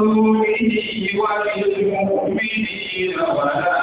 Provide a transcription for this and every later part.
ورسوله والمؤمنين ولا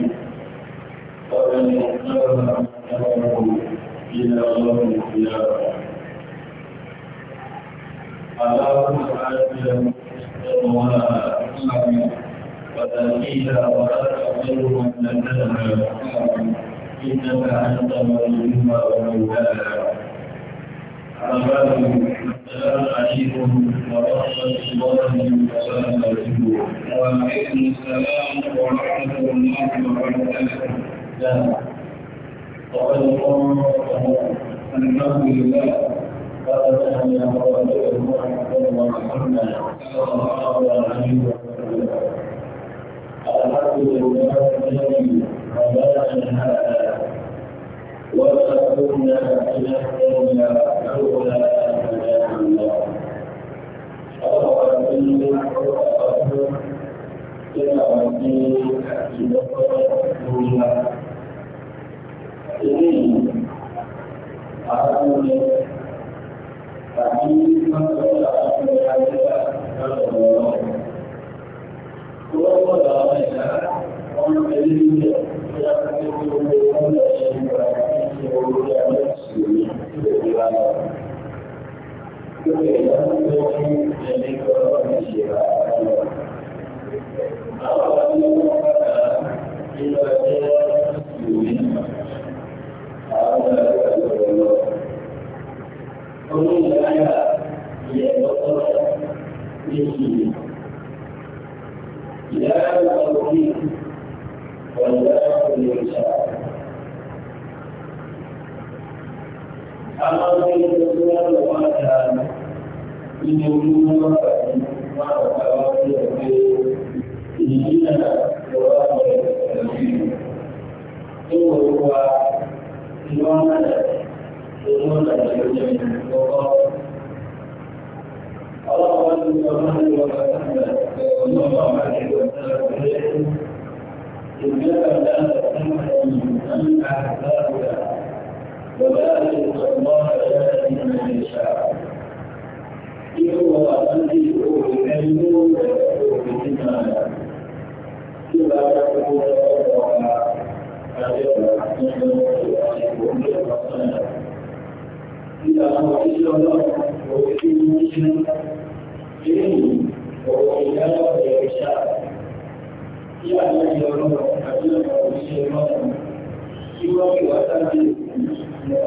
ومن اقترب نفسه الى يوم القيامه اللهم اجعل مستواها وتزكيها ولا تغفر من نزلها انك انت وليها ومولاها السلام عليكم الإسلام وقد قام أنه لله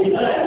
الإيمان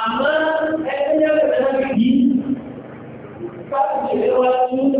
Àmọ́ ẹgbẹ́ ẹgbẹ́ yìí, káàkiri wá tún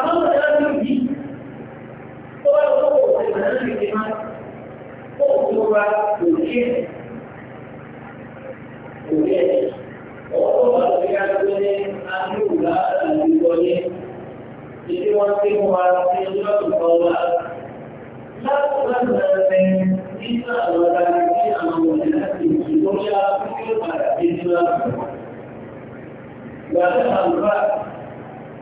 àmọ́ ìgbà yára ní òbí tó bá lọ́wọ́ kò wà ìgbà náà lè má kó òkú ra òkè òkè ọ̀pọ̀ bá lọ́wọ́ yára tó ní àdúrà àdúgbò yẹn ìdí wọn tí mo wà sí ọjọ́ ìkọlá láti láti lẹ́sẹ̀ nígbà lọ́la sí àwọn òṣèlú àti ìṣòro yára tó kí ó padà dé sí lọ́la. Gbàdúrà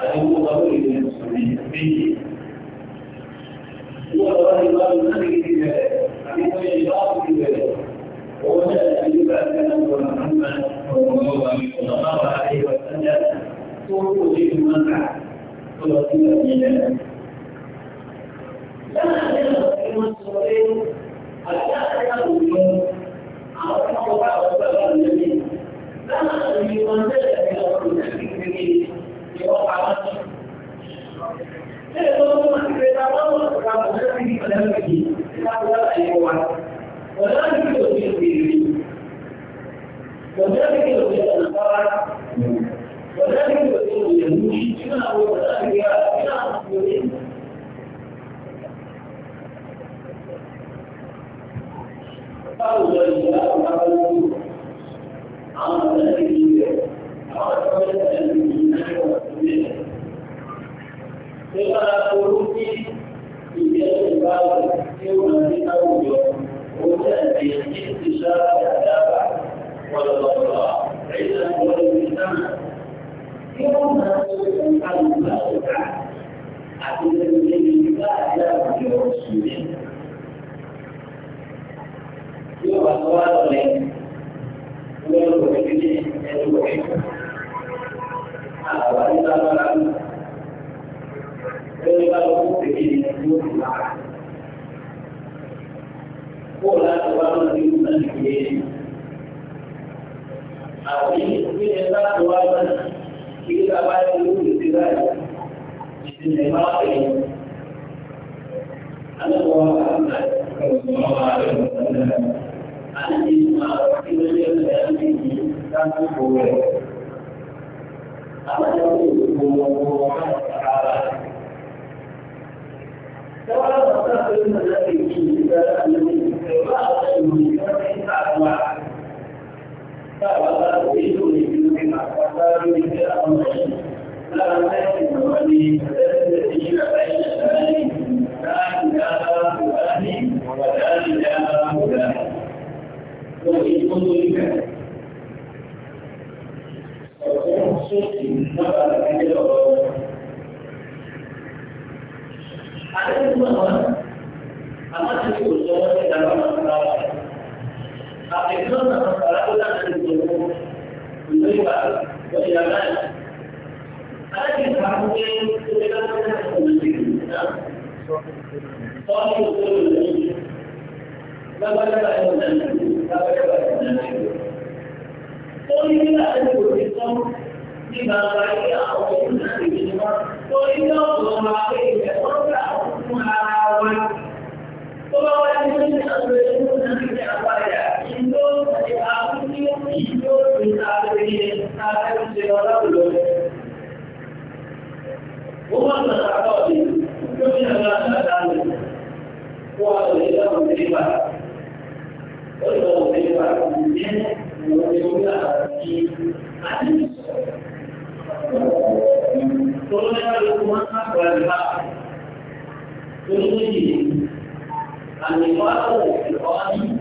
فهو ضروري للمسلمين به هو ضروري الله النبي في ذلك حديث الإشراف في ذلك وهو جاء أن يبعث محمد صلى الله عليه وسلم صوره في المنفعة ورسول في ذلك لا يجب المسلمين حتى يكونوا عرفوا بعض البلد الذين لا يجب أن تجد إلى كل شيء ìgbé ọ̀pá wọn. Ṣé ìgbó tó máa ti gbé ta wọ́n wọ́n kọ̀ọ̀kan kò ní láti ìgbà lẹ́nu ìdí láti wọ́n láyé wa. Ọ̀dọ́ ní kí òfin ìbéèrè. Ọ̀dọ́ ní kí òfin ọ̀nà bára. Ọ̀dọ́ ní kí òfin òyìnbó. Ìgbà wo ọ̀dọ́ ìgbéra ìgbéra àwọn òyìnbó. kemudian kami baru berkawan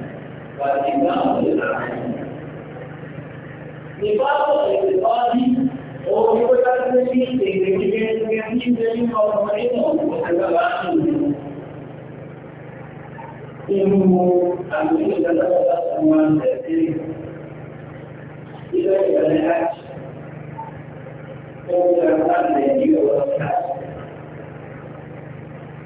dan tinggal di tanah ini. Baru berkawan, orang itu tak mesti dengan kita dengan kita dengan orang lain orang itu tak baca. Ibu kami tidak dapat semua jadi tidak dapat. Kita tidak dapat menjadi orang kaya.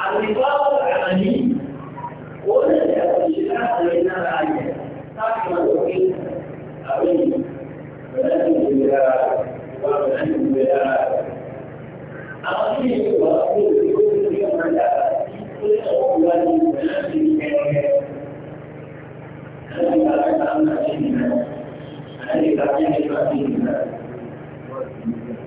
al-ibadah al-ani wala ya qulna alayna al-ani taqwa al-ruhin amin wala tujra wa tujra amin wa tujra wa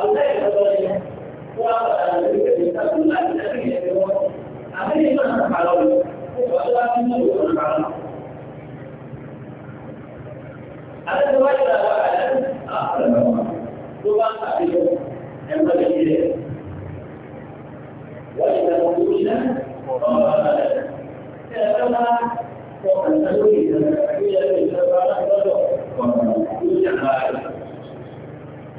أو لا يتضرر وكل الذي يتضرر عليه ما نفعله وأشرف منه يتضرر على زواج الأوائل آخر ربما تعبير ينبغي إليه وإذا وجدنا كما وأن نريد أن نعيد الإسلام على الرجل وأن نريد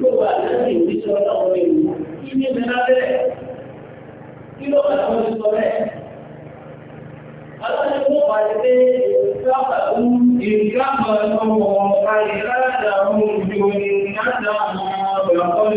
tí ó wà láti ìwíṣẹ́ ọlọ́run rẹ̀ wù kí ní mẹ́ta bẹ́ẹ̀ kí ló wà láwọn ti sọ bẹ́ẹ̀. Aláṣẹ fún pàdé pé ìgbàgbà ń ìgbàgbà ọmọ àìláàdà ọmọ òjò ní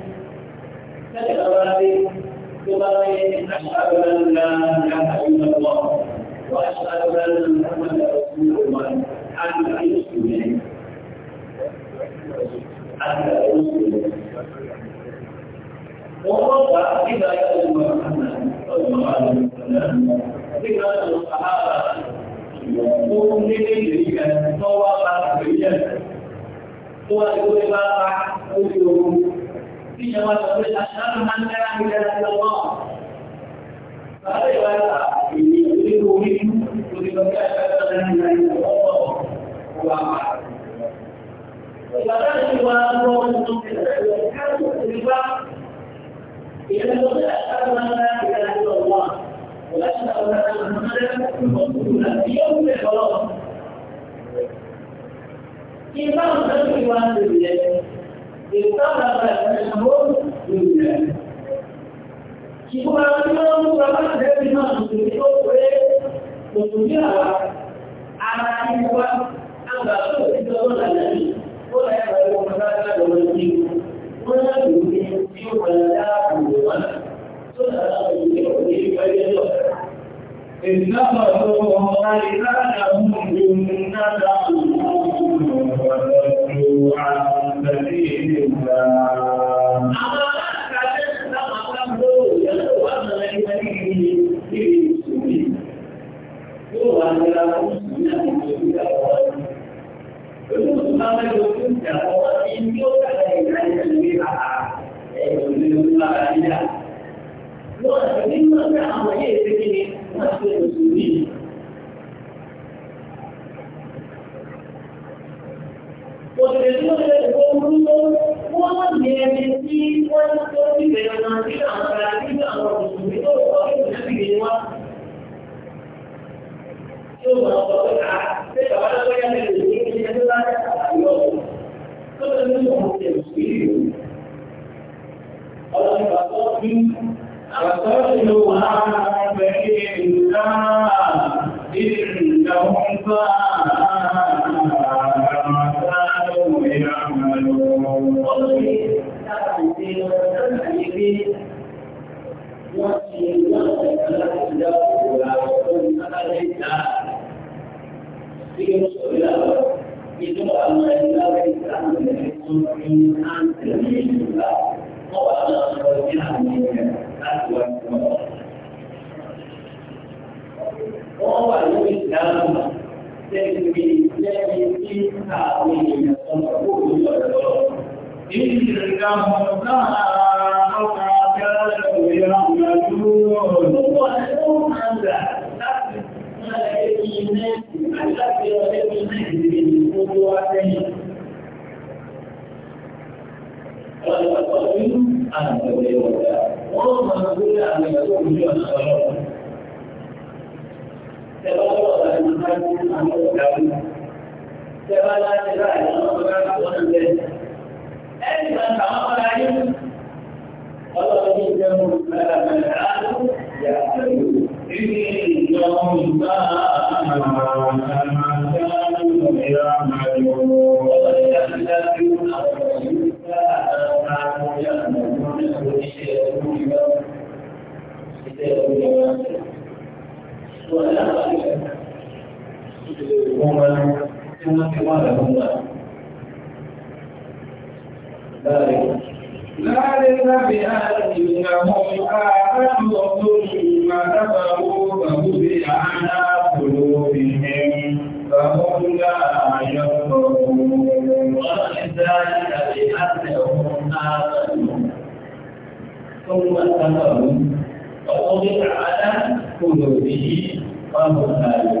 كالعبادي بقضية أشهد أن لا إله إلا الله وأشهد أن محمدا رسول الله حتى يسلم حتى يسلم ووضع بداية محمد صلى الله عليه وسلم بداية الصحابة مؤمنين بك توقع بك وأجوبها أحد di jawab dari asal mana yang tidak Allah. Tapi walaupun ini lebih rumit, lebih banyak kesalahan yang lain Allah ulama. Walaupun semua orang itu tidak berkhidmat, ia tidak asal mana yang tidak Allah. Walaupun orang orang mana yang tidak Allah, dia juga kalau kita mesti berjuang انطلب الأمر لله máa ń tòrí àwọn ara náà dáàbò lọ́wọ́ Islam ثم كفروا وقضي تعالى قلوبهم وهم لا يؤمنون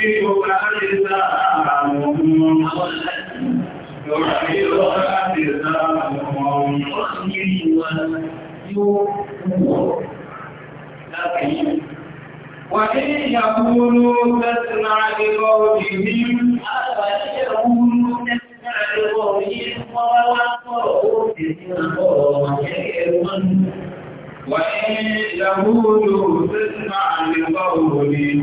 يرحبك أجزاءهم يرحبك أجزاءهم لكن وإن يقولوا تسمع لقولهم أفلا يقولوا تسمع لقولهم ولا تقولوا تسمع وإن يقولوا تسمع لقولهم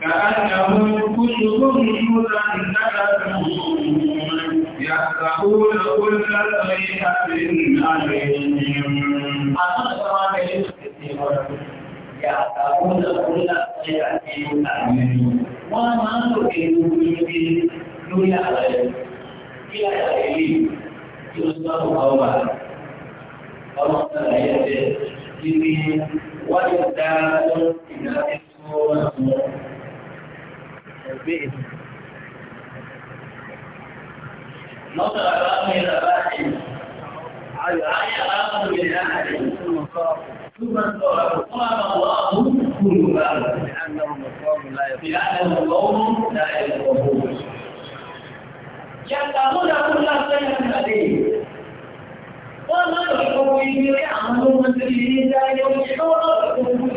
كأنهم كتب مسندة يحسبون كل صيحة عليهم يحسبون كل صيحة عليهم وما تؤمنون دون عليهم إلى عليهم يصدر قوما فمصر يده وإذا كنت إلى السورة بإذن نظر الأمر باحث عن الأمر بالأحد ثم صار ثم صار قام الله كل باب لأنهم قوم لا يفقهون لأنهم قوم لا يفقهون يعلمون كل شيء عليه وما يحبون إلى أمر من تريد أن يمشوا أو يكونوا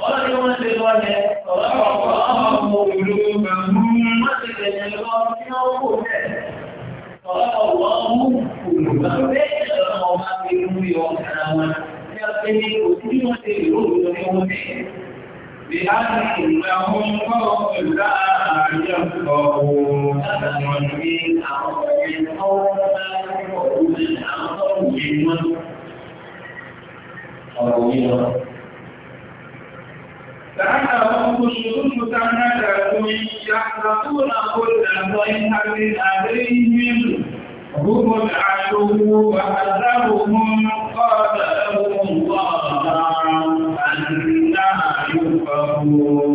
wọ́n ní wọ́n ṣe lọ yẹ ọ̀pọ̀ ọmọ òlú gbẹ̀mú wọ́n ti tẹ̀lé lọ sí ọkọ̀ rẹ̀ ọ̀pọ̀ ọmọ òlú gbẹ̀mú bẹ́ẹ̀ lọ́nà ọba fi mú yọ ọ̀kadà wọn ní ọ̀sẹ̀ ní kò sí wọ́n ṣe lè ó lọ ní wọ́n tẹ̀. Bí a ti ìgbà fún ọkọ̀ ìgbà àjọ ọ̀hún láti wọ́n ní àwọn ọ̀rẹ́ ọwọ́ bá ń bọ̀ ọ̀hún àwọn ọ̀rẹ́ wọn. Ọ̀rọ̀ yìí lọ. دعاهم الشرور تنادوا يحرقون كل صيحة عليهم هم العدو وحذرهم قاتلهم الله أنا يفكون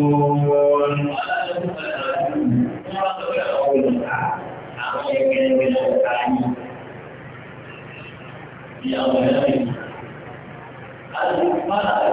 Ya Allah, ya Allah. Al-Fatihah.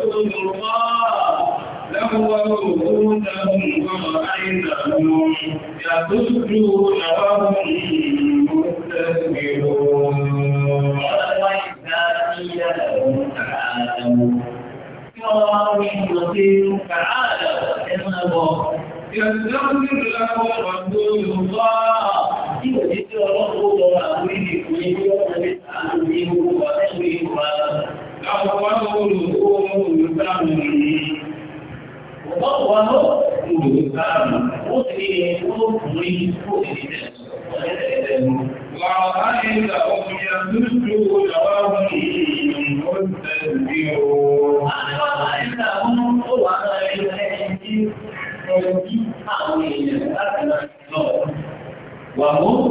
وجودهم ورأيتهم يصدون وهم مستكبرون وإذا قيل لهم تعالوا قالوا المصير تعالوا إنه يستغفر لكم رسول الله يجد رسول أمره ويجد أمره وأمره أولهم لهم wọ́n ló ìlú káàmù ó sì ní olókùnrin tó ti di وعليك أن يدرسوا جواب والتدبير أنا وعليك أن وعليك أن وهم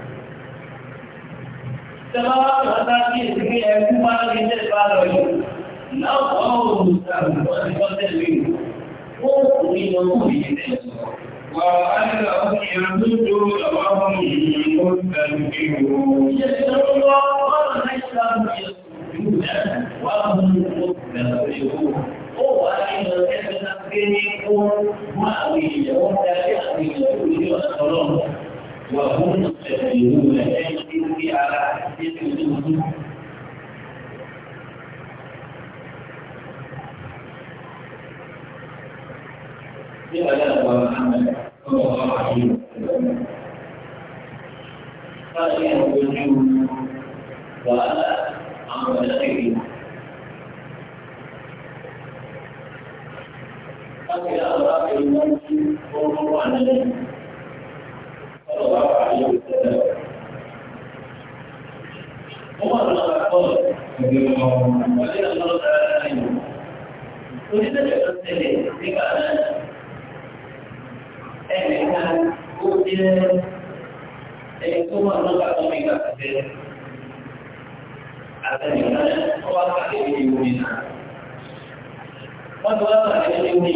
Ìjọba wá lọ́ta sí ìsinmi ẹkú máa ń rí tẹ́lifá lọ yìí. Láwọn ọ̀rọ̀ ìṣàkóso ti kọ́ tẹ̀lé ìlú. Ó kù ní ọmọ òye tẹ̀lé. Wà á ní àwọn èèyàn tó tó lọ́wọ́ fún وهم مقتدرون يجري على حديث منهم يا لا محمد صلى الله عليه وسلم قال يا رجل وانا عمل خير قد يا وهو عن sallallahu alaihi wasallam. Umar al-Khattab radhiyallahu ta'ala anhu. Oníṣẹ́ ìjọba tẹ̀lé nígbà náà ẹnìkan ó jẹ́ ẹni tó máa ń lọ́gbà tó nígbà tó tẹ̀lé. Àtẹnìkan ó wá pàdé ní ìwé náà. Wọ́n ti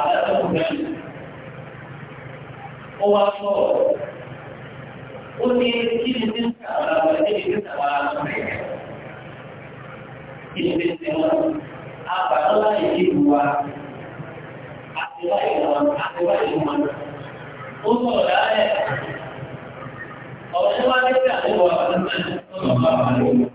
àbẹ́ẹ̀kọ́ mẹ́rin ó wá sọ ó ní kí ni ti ń sàrà ẹni ti ń sàrà kí ni ti ń sẹ́wọ́ àbàdàn láì kí ni wa àti láì wọn àti láì wọn ó sọ̀rọ̀ láàrẹ̀ ọ̀rọ̀ tí wọ́n á ní sí àdébọ̀ àbàdàn náà ó sọ̀rọ̀ àbàdàn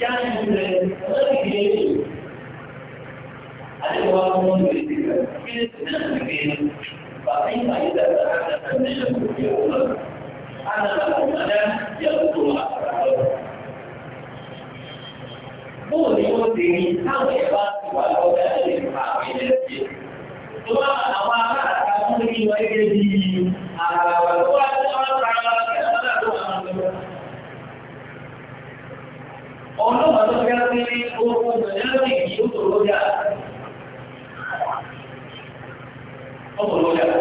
يعني غير جيد هذا هو المهم في الاستدلال فكيف إذا تحدث النجم في أمر أن ọ̀pọ̀lọpọ̀ yàrá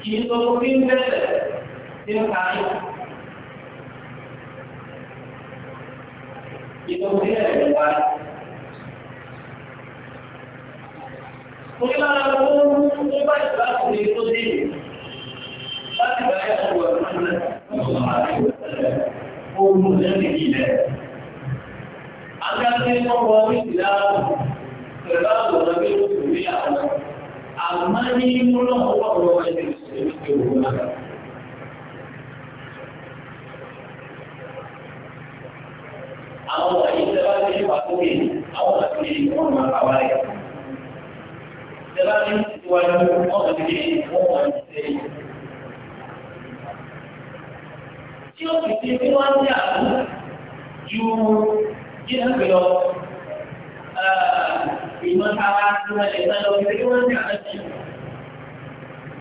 kì í sọ fún bíi bẹ́ẹ̀ tí ń kàá yọ. Ìtọ́jú ẹ̀rọ ìwà. Onílànà owó ń bá ìgbà ní inú lọ́wọ́wọ́ ẹni ìṣẹ̀lẹ̀ náà. Àwọn wọ̀nyí tẹ́ bá ti wà sókè àwọn àti wọ́n máa bá wa rẹ̀. Tẹ́ bá ti wà ní wọ́n ti dé wọ́n wà ní sẹ́yìn. Tí ó sì ti fi wá ní àbúrò ju kí náà gbé lọ. Ìmọ̀ta wa ti wọ́n lè sá lọ sí wọ́n ní àbẹ̀tẹ̀.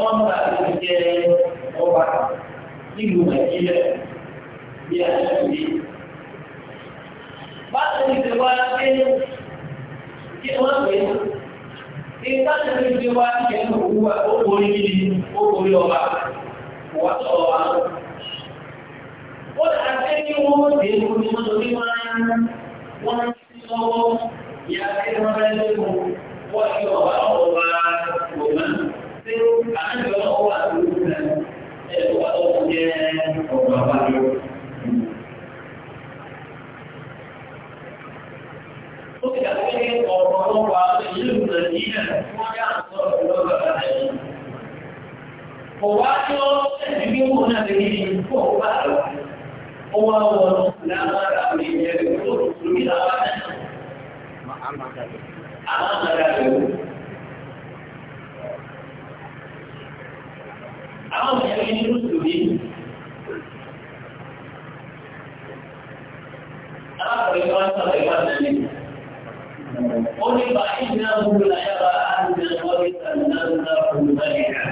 Orang berada di sejarah obat Ibu berkira Dia sendiri Masa diterbuatkan Sikit orang lain Kita sendiri diterbuatkan Buat obat ini Buat obat obat Buat obat Buat hasil ni umur Dia pun cuma beriman Buat hasil ni umur Ya, kita mengalami Buat obat obat Buat obat àtàkì ọlọ́wọ́ wà àwọn ìlú àwọn èèyàn ní mùsùlùmí alákọ̀ọ́yé wọn sọ̀rọ̀ ìwà sílẹ̀ ó ní bá ìdílé àbúrò láyàbá àti ìdílé àbúrò láyàbá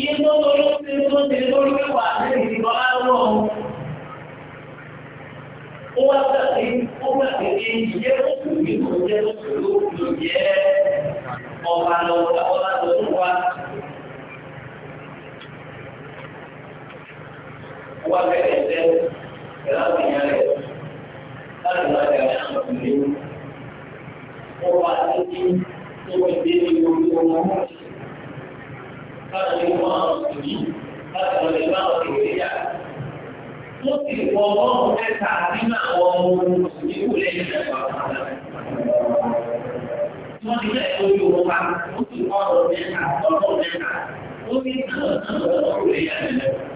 Iye tó lórí ṣe tó ṣe lórí wà ní ìdìbò àárọ̀ ó wá gbàgbé ó gbàgbé ní ìyẹ́ òṣèlú ìmọ̀ jẹ́ òṣèlú ìlú jẹ́ ọba lọ́wọ́ ọba lọ́wọ́ wa. wá bẹ̀rẹ̀ ẹ̀sẹ̀ pẹ̀lú àwọn rẹ̀ láti máa dàgbà àwọn ìlú. Ó wá títí tó fi dé ní orí ọmọ mọ́. Láti lè mọ àwọn ìlú láti lọ bá àwọn ìwé yà. Ó sì wọ ọgọ́rùn-ún mẹ́ta nínú àwọn ọmọ ogun ìlú lẹ́yìn ìjọba. Wọ́n ti bẹ̀rẹ̀ lórí owó wa, ó sì wọ́n lọ mẹ́ta, ọgọ́rùn mẹ́ta. Ó ní àwọn ọ̀sán lọ́wọ́ ìwé yà lẹ́lẹ́wọ̀.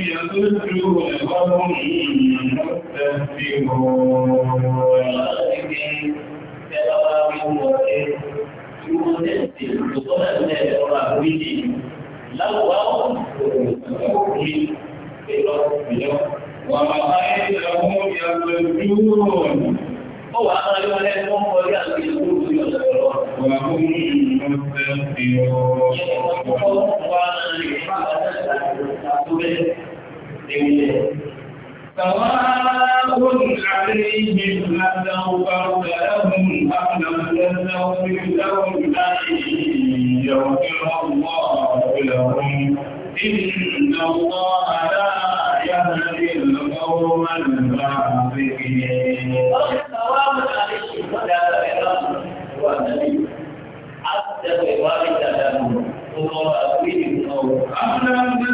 يضلوا وهم مستكبرون لو وما لهم يضلون هو أنا يقول لهم وهم مستكبرون nílẹ̀. Tàwa ó ní àlẹ́ ìgbé látàwọn ọgbà ẹ̀rùn àpàlẹ́sẹ̀ òfin lẹ́wọ̀n láti ìyẹ̀wò ìrọ̀wọ́ ìlẹ̀wọ̀n. Ìnà wọ́ ará yáhàrí lọ́wọ́ máa ń bá àfẹ́kẹ́. Tàwa ó ní àlẹ́ ìgbé látàwọn ọgbà ẹ̀rùn àpàlẹ́sẹ̀ òfin lẹ́wọ̀n láti ìyẹ̀wò ìrọ̀wọ́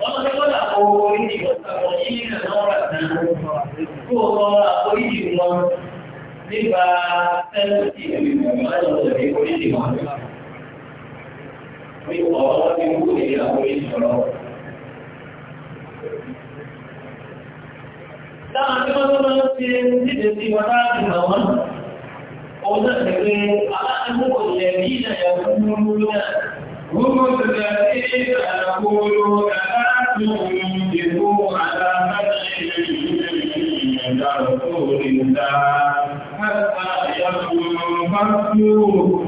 wọ́n tó là kó orí ìwọ̀sàwọ̀ yìí nà lọ́wọ́ àtàwọn kó lọ àforíjì wọn nípa sẹ́ńtì ìwọ̀sàwọ̀ ìforíjì wọn. Nípa ọ̀rọ̀ ti kú ní àforíjì ọ̀rọ̀. Táwọn tí wọ́n tó máa ń ṣe nídìí sí wọn láti mọ̀ wọ́n. Òun náà ti pé aláàbò ìyẹ̀bí ìyẹ̀bí lúlú náà. Gbogbo ìgbà tí ìgbà àkókò àbá تنفقوا على من عند رسول الله حتى ينفقوا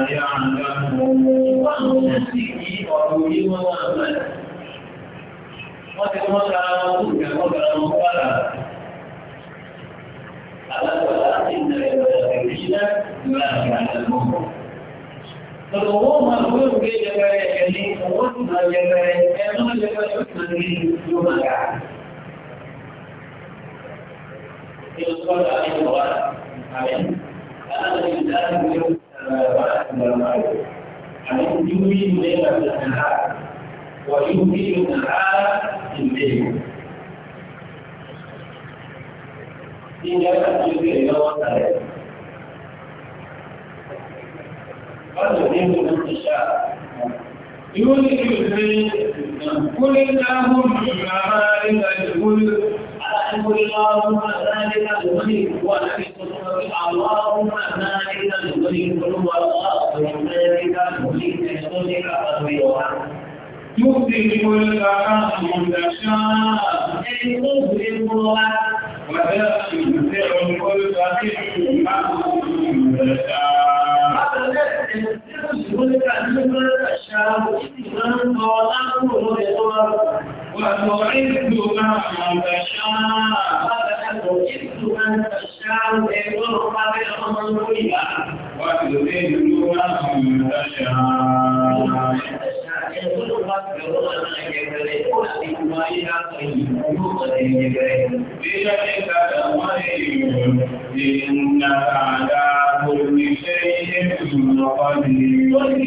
يعلمون وأنفسه وعلوم وأمل وكما تعلمون كما تعلمون ولا ألا ولكن المتكبرين لا يعلمون فالغرور مقبول بجبال الجليل ووسمى جبال كما جبال حكم به يوم إذ قال عليه الله عليه أنا لله اليوم يمكن ليلة النهار ويمكن النهار الليل إن يمكن ليلة النهار قد من الانتشار يولد الفيل قل اللهم بمعارف الكل على ان اللهم ذلك الغني ونبي صدقك اللهم ذلك الغني قل هو الله أطيعها يهدي الفرح متشاء يهدي الله ولا ينفع الكل فكر من تشاء Ìgbésẹ̀ ìgbésẹ̀ ìṣàlùkì ìgbésẹ̀ ọ̀la kúrò lórí ẹ̀tọ́ وتعز من تشاء وتعز من تشاء وتغفر لمن وتذل من تشاء بيدك الأمر إنك على كل شيء قدير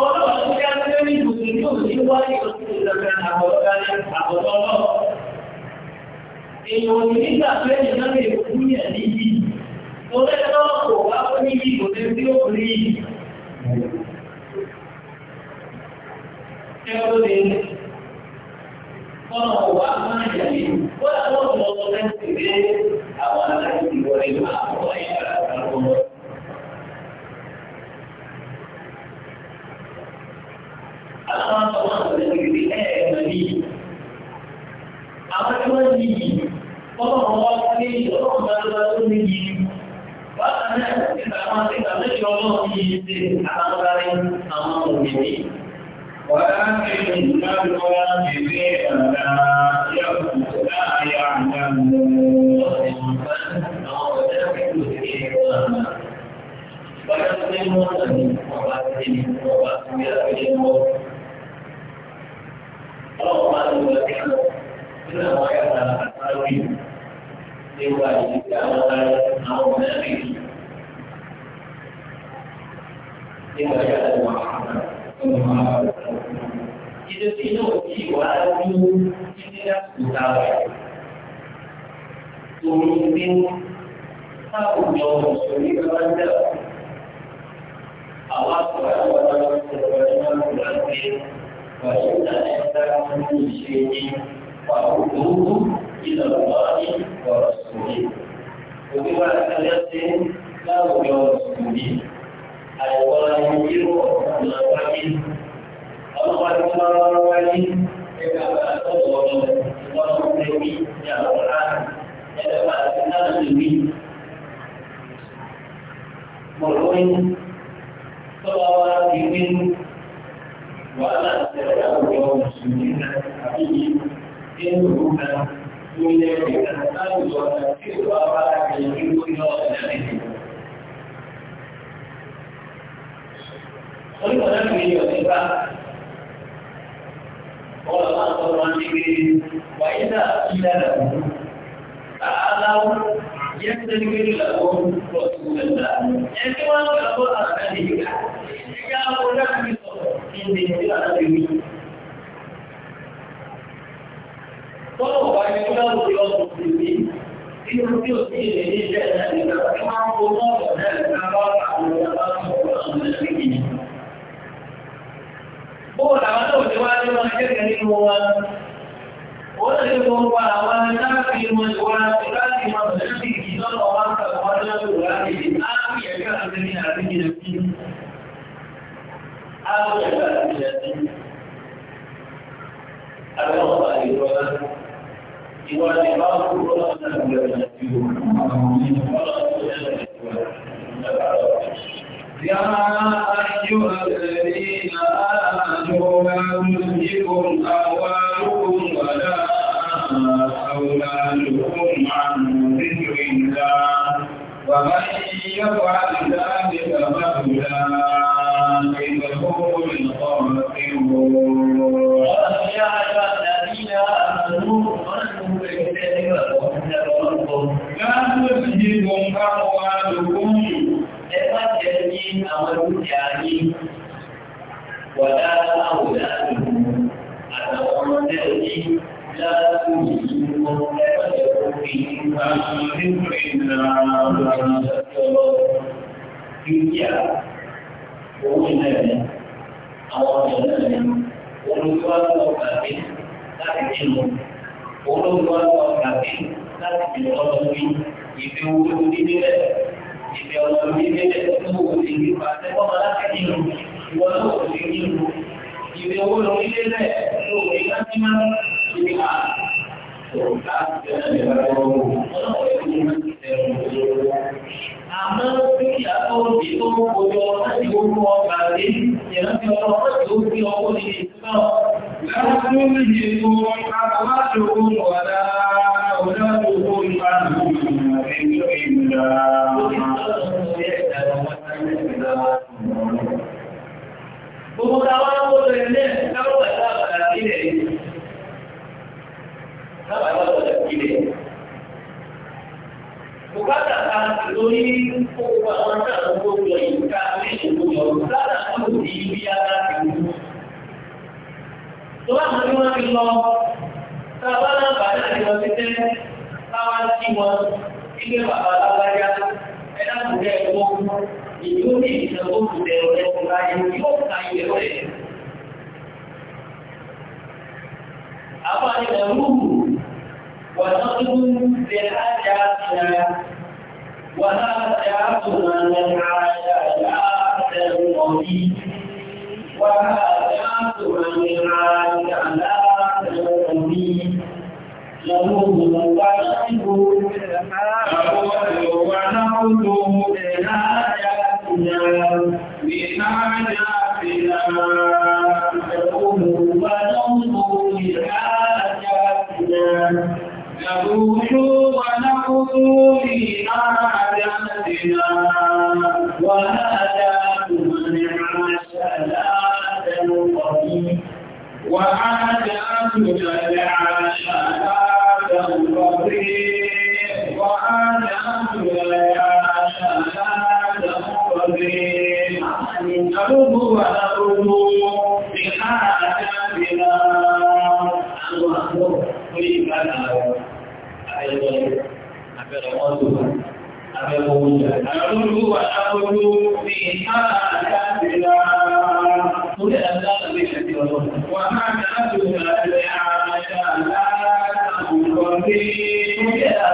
ọlọ́run tó yá tó ní ìbùkún yóò ní wáyé òṣèlú ìlànà àbọ̀dá àbọ̀dá ọlọ́run. èèyàn ò ní nígbà pé ìlànà ìbùkún yẹn níbi mo fẹ́ lọ́wọ́ kò wá ó níbi kò ní sí òkúrí. ẹ ó lè kọ́nà wá máa yà ní wọ́n àwọn ọmọ ọmọ ẹ̀ ń àwọn àwọn àgbẹ̀ òyìnbí ẹ̀ẹ̀mẹ̀ yìí àwọn tí wọ́n ní yìí ọlọ́run wá sí ọlọ́run bá tó ní yìí bákan náà nígbà wọn ti gbà méjì ọlọ́run yìí ṣe àlàkọ́dárí àwọn òyìnbí ولكن الكفر جزيئا لا يعلمون فانه تكفر ويسلمون من قبل الذي لا تجد موقفته من أمر عند الدنيا ومن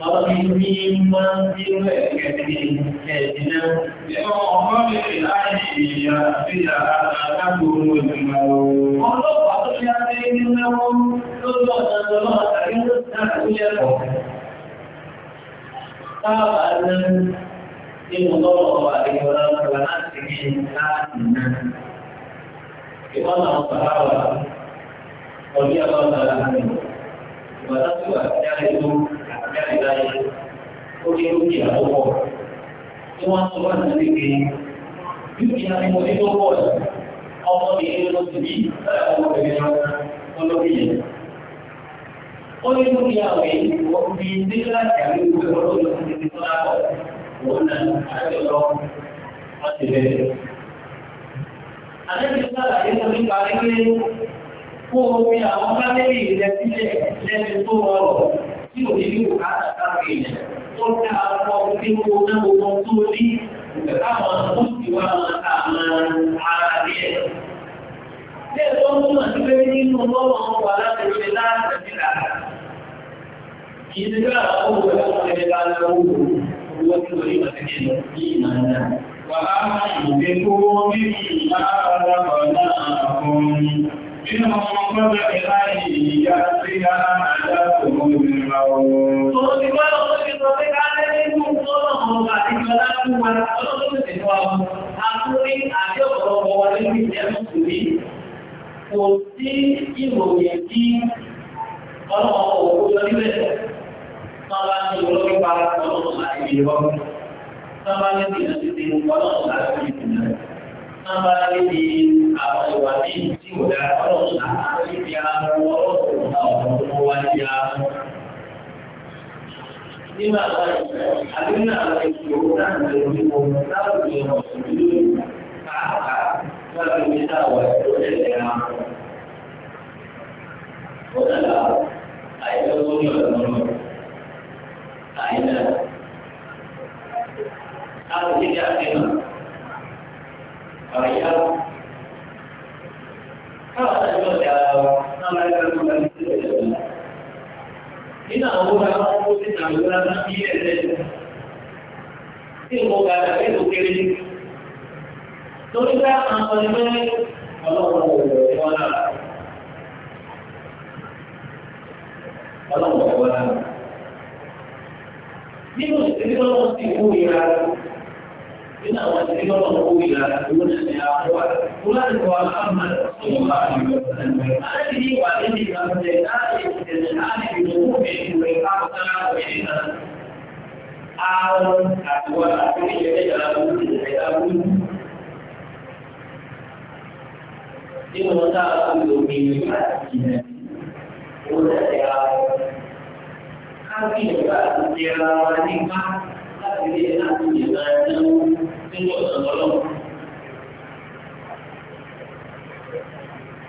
ومنهم من بركته اهدنا لأعظم الأجياء بلا أنكم الموت والله أخشى منهم كل صلاة يستحيلكم طبعا إن الله عليه ونفسه حاسنا إخوانا الصحابة رضي الله تعالى عنهم ونفسه أحياء jáde láyé ó ní dúkìá tó pọ̀ tí wọ́n sọ wá sí pé dúkìá ni mo ní tó pọ̀ ọmọ mi ní ló ti bí ọmọ mi ní olórí yẹn. ó ní dúkìá rẹ̀ wọ́n fi dé láti àrí ìwé olóòlù ti ti tó lápọ̀ wọ́n náà àti ọ̀rọ̀ wọ́n ti bẹ̀rẹ̀. Àdébí sálàyé mo nípa wípé kó o fi àwọn fámìlì rẹ sílẹ̀ lẹ́ni tó rọrùn tí ò ní wò ká sáré yẹn tó ní àwọn ọmọ tí mo náà mo mọ tó ní ìgbàláwọn tó ti wá wọn ká máa ara díẹ̀. Ilé ẹ̀kọ́ ń túmọ̀ sí pé nínú lọ́wọ́ wọn wà láti ṣe láti ṣe Kì í ṣe bí àwọn ọmọ ìwé wọn lè bá lọ wò owó tí orí wọn ti ṣe ní ìmọ̀ náà. Wàhálà ìgbẹ́kọ̀ọ́ bí ìyá ara wọn náà kọ́ ni. إنما قد إليه يأتيها أداكم الموت wọ́n lọ́wọ́ láti ìrìnàjò. wọ́n bá rí ní àwọn ìwà ní tí ò dá ọlọ́run náà ní ti ara ọlọ́run náà ọ̀pọ̀ tó wá ní ara. Nínú àwọn ìfẹ́, àbínú àwọn ìṣòro náà lè ní ohun láwùjọ ọ̀sùn lórí pàápàá wọ́n lè ní àwọn ìṣòro ẹ̀rẹ̀ ara. Ó dàgbà àìsàn tó ní ọ̀dọ́ náà. Àìsàn. Àwọn ìdíje àfihàn. Maria. Kalau ada juga nama yang bukan itu ya. Ini aku kalau aku sih tahu kan nanti ya. Ini mau ada itu kiri. Jadi kita apa ini kalau mau mana? Kalau mau mana? Ini mesti kalau Kami juga tiada lagi mak, tapi dia nak tunjukkan semua semua orang.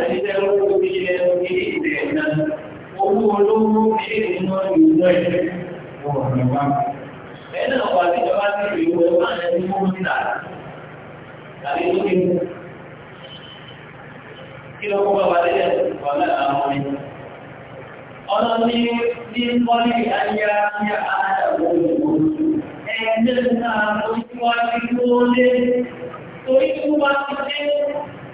láti ṣe owó ilẹ̀ ilé ìbẹ̀ náà owó olówó ilé iná ìlú ẹ̀ ọ̀rọ̀ wa. bẹ́ẹ̀ náà wà ní ìjọba tí ìlú ẹ̀ máa ń mú nílà tàbí ó ti mú. kí ló kó bá wa lẹ́yìn ọ̀la àwọn ọmọ ọ̀nà ní ní kọ́lé ayé ayé àádọ́gbò ẹ̀ẹ́dẹ́gbẹ̀ta oṣù wa ti kó lé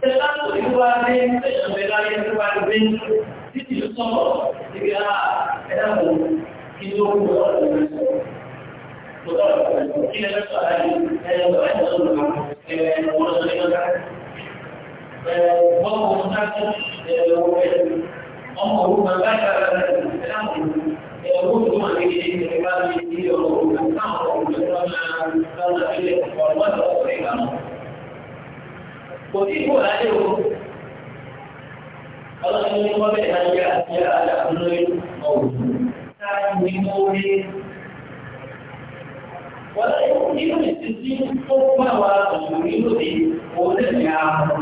ṣe láti ìlú wa dé ṣe ìṣẹ̀lẹ̀ láyé tó bá dé títí sọ́mọ̀ ibi ara ẹ̀dàbò kí ló kú ọ̀rọ̀ Ọmọ òun máa bá ṣára rẹ̀ láwọn ẹ̀rọ tó máa ní ṣe ìrìnbá ní ìdí ọ̀rọ̀ òun láwọn ọ̀rọ̀ tó máa ń bá ọ̀rọ̀ ilẹ̀ ọ̀rọ̀ ọ̀rọ̀ ìgbàmọ̀. kò sí ìbò láyé o ọlọ́run ní wọ́n bẹ̀rẹ̀ láyé àti àdá lórí ọ̀hún táàbù ní mórí wọ́n lé nínú ìsinsin tó fún àwa òṣèlú lóde òun lè ní àmọ́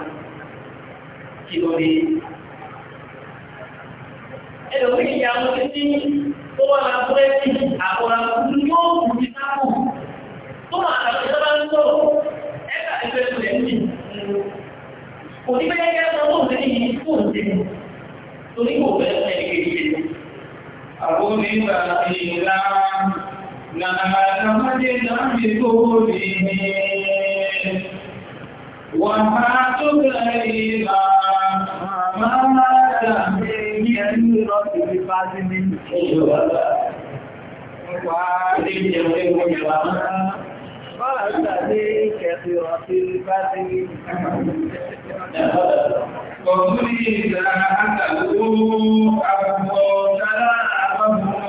kí lóde ẹlòmíì ní àwọn títí tó wà lábúrẹ́sì àwọn àkùnrin yóò kù ní sáàpù tó máa tàbí sábà ń sọ̀rọ̀ torí pé ẹgbẹ́ ẹgbẹ́ tó ń ṣe ní kó ń torí kò fẹ́ ẹ̀ kéde. àbúrò nígbà ìlà nàmà nàmàdé náà ti tó lè ní wọ́n máa tó bẹ̀rẹ̀ ìlà máa máa dà ní ẹni lọ́sí ti bá sí ní ìjọba. Wà á lè jẹun ẹgbẹ́ ìjọba. Bọ́lá ń tàbí kẹfì ọ̀sí bá sí ní ìjọba. وكل إذا أتوا أبو ترى أبو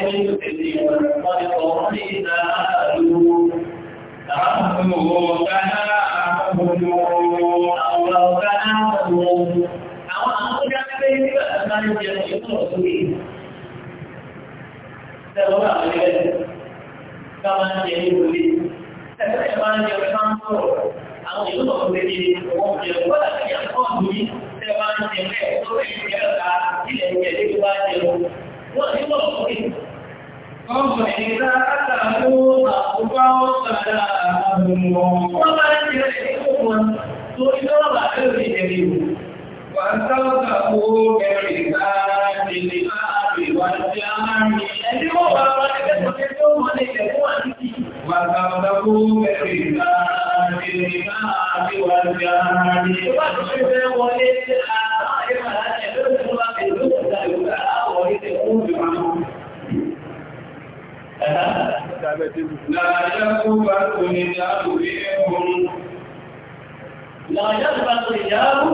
Thank you ká ń jẹ ní ìwòlé ẹgbẹ́ ẹ̀ máa ń jẹ sáńtò àwọn ìlú náà lè di wọ́n jẹ wọ́lá sí àkọ́ọ̀dù yìí tẹ́ máa ń jẹ bẹ́ẹ̀ tó bẹ́ẹ̀ ti ọ̀gá ilẹ̀ ìjẹ́ lé wá jẹ wọ́n ní wọ́n lọ́kùn ní. Ọmọ ìdá àtàkó àkókò ọ̀sàdá àbùmọ̀. Wọ́n máa ń jẹ ẹ̀kọ́ wọn tó iná wà lórí ìjẹ̀lẹ̀ ìwò. Wà á sáwọ́sà kó ẹ̀rì وَتَرْتَقُوا بِالْإِيمَانِ الْإِيمَانِ وَالْجَهْلِ وَتُشْرِكُوا لا يكفت نجابهم لا يكفت نجاب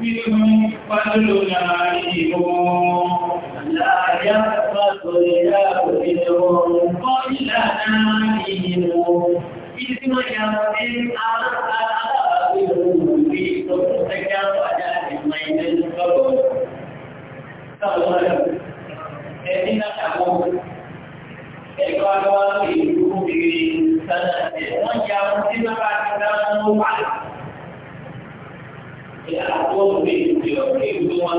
بهم فمنهم منهم فضل عليهم لا يفرق الله منهم قل نائم إذ يمسك على أعلامهم في صدقك وجاء من القبور تغلق الذين تعبوا Ẹgbẹ́ wa ní ìlú ìrìn ìsànà ẹ̀wọ̀n ya wọ́n tí bá bá ti dá wọn wà. Ìyàwó mi ti ọ̀rẹ́ ìlú wọn.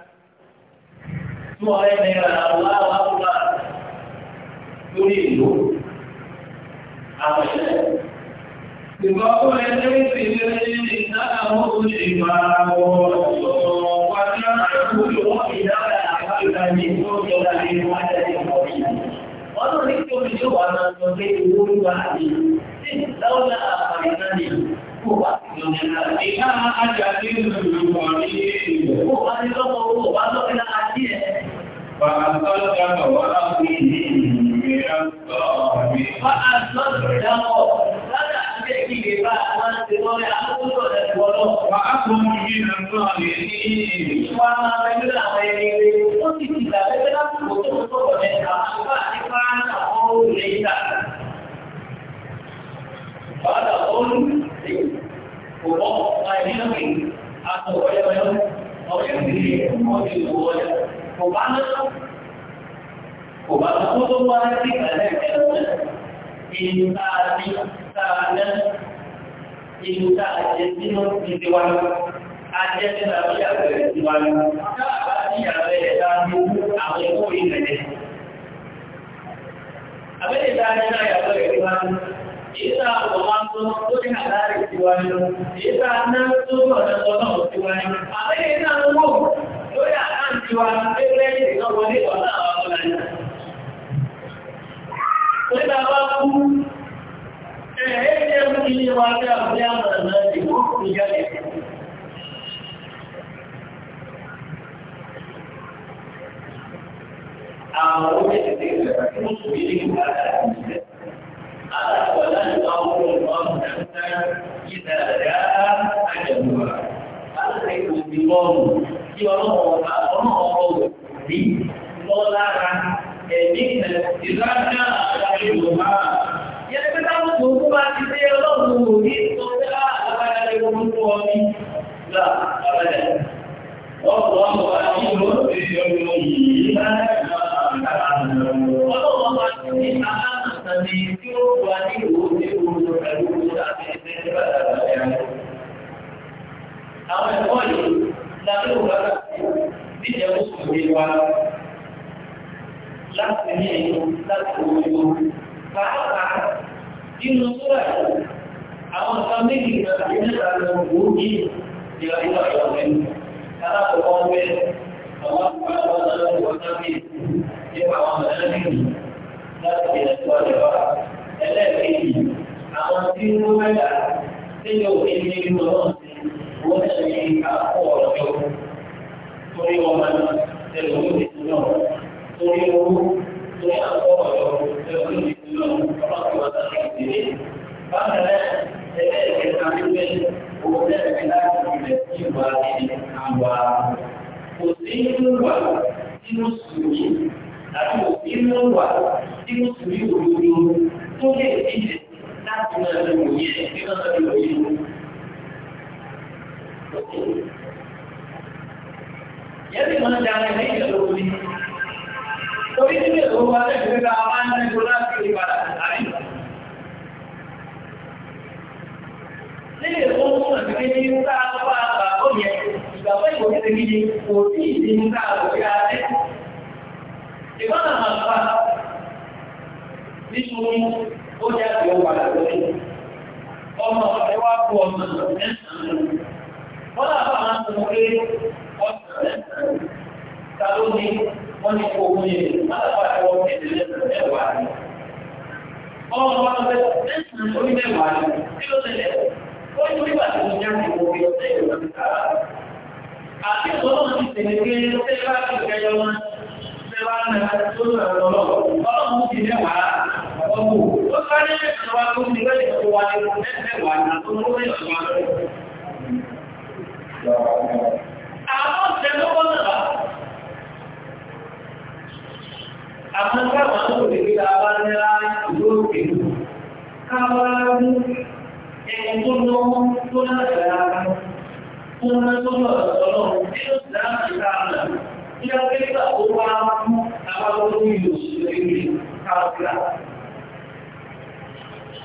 suara dengan Allah Allah tulislah apa ini Jika ya? boleh diberi tidak mahu dimaklumi, maka tujuh tidak akan dimaklumi oleh lembaga tertentu. Orang itu tujuh orang seperti itu lagi. Tidaklah apa ini? Kuat dengan kita ada di dunia ini. Kuat itu mahu, bantu kita فأصدق وأكن من الصالحين فأصدق وأكن من الصالحين وما بين الأمرين وتجد لنا كتب قال قول وقال أيضا أنه يبلغ أو يبلغ أو يبلغ ko banget ko banget ko to banget ni ada ini sana ini sana jadi no di dewan aja dia dia di dewan apa dia ada dan aku ini ni apa dia tanya saya apa di dewan kita orang tu mesti nak dari dewan kita nak tu orang tu mesti dewan apa dia nak lórí àkáǹtì wa ẹgbẹ́ ìṣèkọ́ wọlé ọ̀nà àwọn ọmọ nàìjíríà. Nígbà bá kú, ẹ̀ẹ́ jẹ́ mú ilé wa bí àbúlé àmọ̀ náà ti kó kú jáde. Àwọn orí ẹ̀sẹ̀ ìgbà tí mo sùn ilé ìgbà àti أولا الأمر الأمر إذا جاء أجلها الخير بالله tí ọlọ́wọ́ ọlọ́wọ́ rí lọ lára ẹ̀mí ìlànà àgbàlẹ̀ máa. Yẹ́n pé táwọn tó kú bá ti dé ọlọ́wọ́ rí ní là àbẹ̀lẹ̀. Ọ̀pọ̀ ọmọ àti ìlú ti ní aláàtàn ni tí wà ní ìwò ní ìwòrò pẹ̀lú àti ìsinmi bàtà lábẹ́ òun lára níjẹ́ ó sì gbé wa láti ní ẹ̀yìn láti òun lò pàápàá nínú sọ́ra àwọn nǹkan méjì náà ní ẹ̀ka lọ gbòógì ìrànlọ́wọ́ ìrànlọ́wọ́ ẹni alákọ̀ọ́kọ́ ń bẹ àwọn akọ̀ọ́kọ́ náà wọ́n sábẹ́ nípa àwọn mọ̀lẹ́bí láti ìrìn àjọ àjọ ẹlẹ́ẹ̀kejì àwọn tí wọ́n ṣe àpò ọ̀dọ́ torí ọmọ ẹlòmíì ti sùn torí owó torí àpò ọ̀dọ́ ẹlòmíì ti sùn ọmọ ti wà láti ìdílé. Bákan náà, ẹlẹ́ẹ̀kẹta níbẹ̀ owó tẹ̀lé láti ilẹ̀ sí ìwà ẹni àwà. Kò sí inú wà nínú sùúrù àti òfin inú wà nínú sùúrù òdodo tó lè díje láti máa lò yẹ kí wọ́n यदि मन जाने नहीं जरूरी तो इसलिए भगवान ने घर का आवाज में बोला परिवार Jadi orang nak pergi minta apa apa pun ya, jika pun boleh pergi pergi minta apa ada. Di mana apa? Di sini boleh ada orang lain. Orang lewat pun ada wọ́n náà bá máa ń sọ pé ọ̀sẹ̀ ta ló ní wọ́n ní kó omi rẹ̀ látàbà tí wọ́n fi ẹ̀sẹ̀ lẹ́sẹ̀ mẹ́wàá rẹ̀. ọmọ ọmọ wọn fẹ́ ẹ̀sìn orí mẹ́wàá rẹ̀ kí ló tẹ̀lé ó ní orí bàtà tó jáde wọ bí ọ̀sẹ̀ ìwọ̀n ti kàrà. àti ìwọ́n ti tẹ̀lé pé ṣé bá ti kẹyọ wọn ṣé bá ń rẹ̀ tó lọ ẹ̀rọ lọ ọlọ́run ti mẹ́wàá tó ti rẹ́ Àwọn ìṣẹ́lú bọ́nà bá. Àwọn ìṣẹ́lú tó lè gbé àwọn ará ìlú òkèlú. Káwọn ará mú ẹni tó lọ́wọ́ tó láti ara tó ń tó lọ sọ́lọ́ tí ó sì láti